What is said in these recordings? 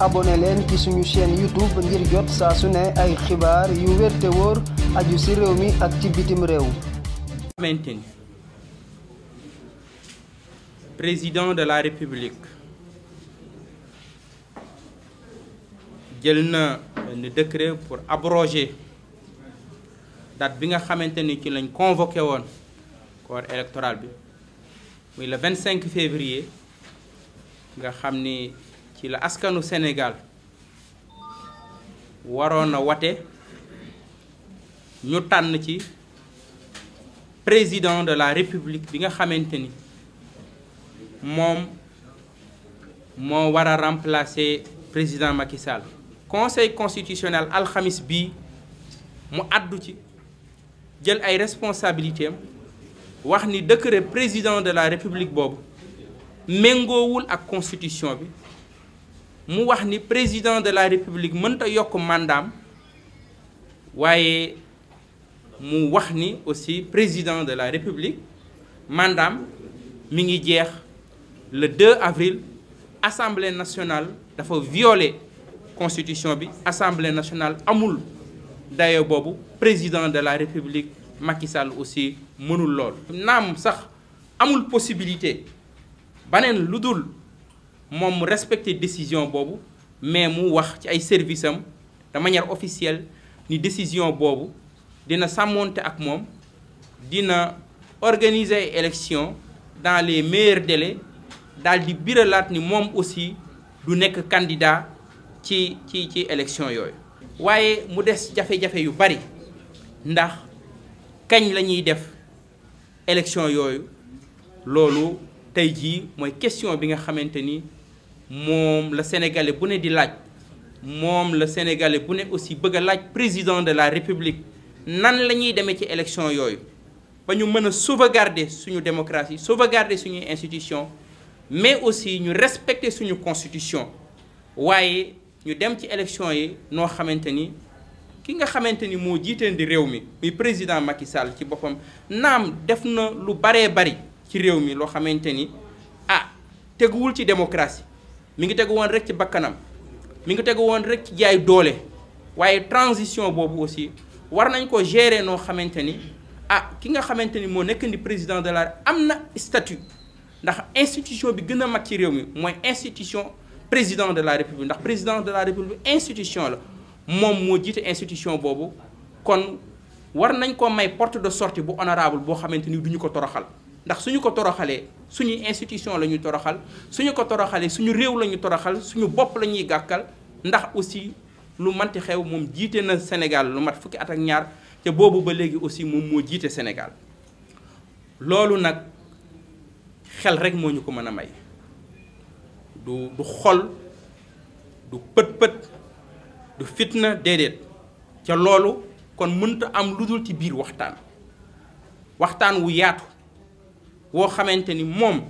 abonné leen ci suñu chaîne YouTube ngir jot saa su ne ay xibaar yu wér te wóor aju ci réew mi ak ci bitim réew. président de la république jël na benn décret pour abroger date bi nga xamante ni ci lañ convoqué woon corps électoral bi muy le février nga xam ni. ci la askanu Sénégal waroon a wate ñu tànn ci président de la république bi nga xamante ni moom moo war a remplacer président Macky Sall conseil constitutionnel alxamis bii mu àddu ci jël ay responsabilité wax ni décret président de la république boobu méngoowul ak constitution bi mu wax ni président de la république mënta yokk mandaam waaye mu wax ni aussi président de la république mandaam mi ngi jeex le 2 avril assemblée nationale dafa violer constitution bi assemblée nationale amul dayo boobu président de la république Macky Sall aussi mënul lool naam sax amul possibilité baneen lu dul moom mu respecté décision boobu mais mu wax ci ay service am de manière officielle ni décision boobu dina sàmmoonte ak moom dina organiser ay élection dans les meilleurs délais daal di biralaat ni moom aussi du nekk candidat ci ci ci élection yooyu waaye mu des jafe-jafe yu bari ndax kañ la ñuy def élection yooyu loolu tey jii mooy question bi nga xamante ni moom la sénégalais bu ne di laaj moom la sénégalais bu ne aussi bëgg laaj président de la république nan la ñuy demee ci élection yooyu ba ñu mën a sauvegarder suñu démocratie sauvegarder suñuy institution mais aussi ñu respecter suñu constitution waaye ñu dem ci élection yi noo xamante ni ki nga xamante ni moo jiiteen di réew mi muy président Macky Sall ci boppam naam def na lu baree bari ci réew mi loo xamante ni ah teguwul ci démocratie mi ngi tegu woon rek ci bakkanam mi ngi tegu woon rek ci jaay doole waaye transition boobu aussi war nañ ko gérer noo xamante ni ah ki nga xamante ni moo nekk ni président de la am na statut ndax institution bi gën a mag ci réew mi mooy institution président de la république ndax président de la république institution la moom moo jiite institution boobu kon war nañ ko may porte de sorti bu honorable boo xamante ni duñu ko toroxal ndax suñu ko toroxalee suñuy institution la ñu toroxal suñu ko toroxalee suñu réew la ñu toroxal suñu bopp la ñuy gàkkal ndax aussi lu manti xew moom jiite na Sénégal lu mat fukki at ak ñaar te boobu ba léegi aussi moom moo jiite Sénégal loolu nag xel rek moo ñu ko mën a may du du xol du pët-pët du fitna déedéet ca loolu kon mënta am lu dul ci biir waxtaan waxtaan wu yaatu woo xamante ni moom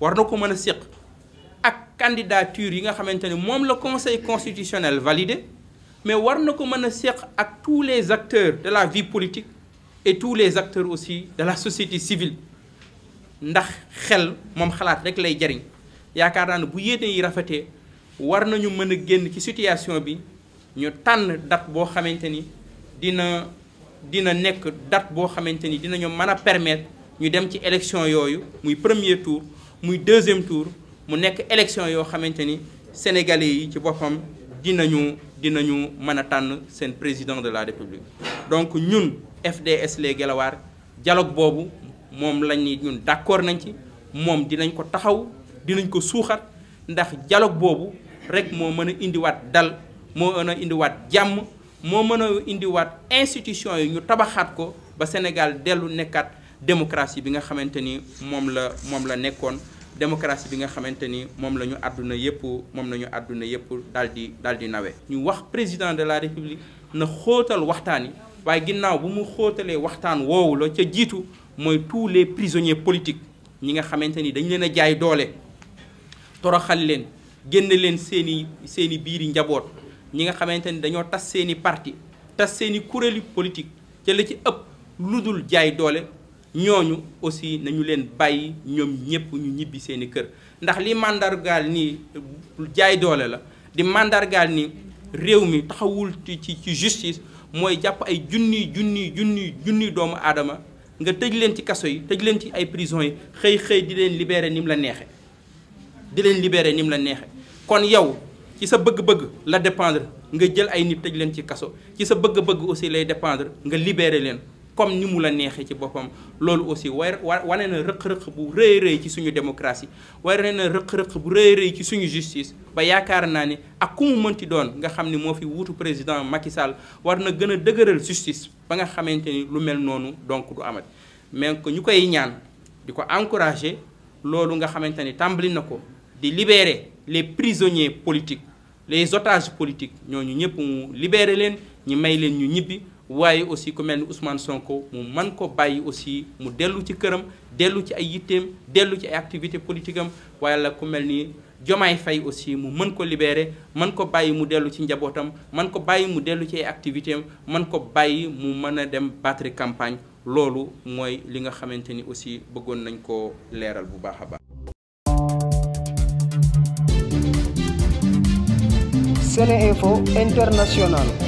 war na ko mën a séq ak candidature yi nga xamante ni moom la conseil constitutionnel validé mais war na ko mën a séq ak tous les acteurs de la vie politique et tous les acteurs aussi de la société civile ndax xel moom xalaat rek lay jariñ yaakaar naa ne bu yéene yi rafetee war nañu mën a génn ci situation bi ñu tànn date boo xamante ni dina dina nekk date boo xamante ni dinañu mën a permettre ñu dem ci élection yooyu muy premier tour muy deuxième tour mu nekk élection yoo xamante ni sénégalais yi ci boppam dinañu dinañu mën a tànn seen président de la république. donc ñun FDS Les Guelwaar jaloog boobu moom lañ ni ñun d'accord nañ ci moom dinañ ko taxaw dinañ ko suuxat ndax jaloog boobu rek moo mën a indiwaat dal moo mën a indiwaat jàmm moo mën a indiwaat institution yi ñu tabaxaat ko ba Sénégal dellu nekkaat. démocratie bi nga xamante ni moom la moom la nekkoon démocratie bi nga xamante ni moom la ñu àdduna yépp moom la àdduna yépp daal di daal di nawe ñu wax président de la république na xootal waxtaan yi waaye ginnaaw bu mu xootalee waxtaan woowu la ca jiitu mooy tous les prisonniers politiques ñi nga xamante ni dañ leen a jaay doole toroxal leen génn leen seen i seen i biiri njaboot ñi nga xamante ni dañoo tas seeni i parti tas seen i kuréelu politique ca la ci ëpp lu dul jaay doole ñooñu aussi nañu leen bàyyi ñoom ñëpp ñu ñibbi seeni kër ndax li màndargaal ni jaay doole la di màndargaal ni réew mi taxawul ci ci justice mooy jàpp ay junni junni junni junni doomu aadama nga tëj leen ci kaso yi tëj leen ci ay prison yi xëy xëy di leen libéré ni mu la neexe di leen libéré ni mu la neexe kon yow ci sa bëgg-bëgg la dépendre nga jël ay nit tëj leen ci kaso ci sa bëgg-bëgg aussi lay dépendre nga libeere leen comme ni mu la neexee ci boppam loolu aussi war wane na rëq-rëq bu rëy rëy ci suñu démocratie wane na rëq-rëq bu rëy rëy ci suñu justice ba yaakaar naa ni ak ku mu mënti doon nga xam ni moo fi wutu président Macky Sall war na gën a dëgëral justice ba nga xamante ni lu mel noonu donc du amat mais que ñu koy ñaan di ko encourager loolu nga xamante ni tàmbali na ko di libérer les prisonniers politiques les otages politiques ñooñu ñëpp mu libérer leen ñu may leen ñu ñibbi waaye aussi ku mel ni Sonko mu man ko bàyyi aussi mu dellu ci këram dellu ci ay yitteem dellu ci ay activité politique am waaye la ku mel ni Jomaay Fay aussi mu mën ko libéré man ko bàyyi mu dellu ci njabootam man ko bàyyi mu dellu ci activité am man ko bàyyi mu mën a dem battre campagne loolu mooy li nga xamante ni aussi bëggoon nañ ko leeral bu baax a baax SeneInfo International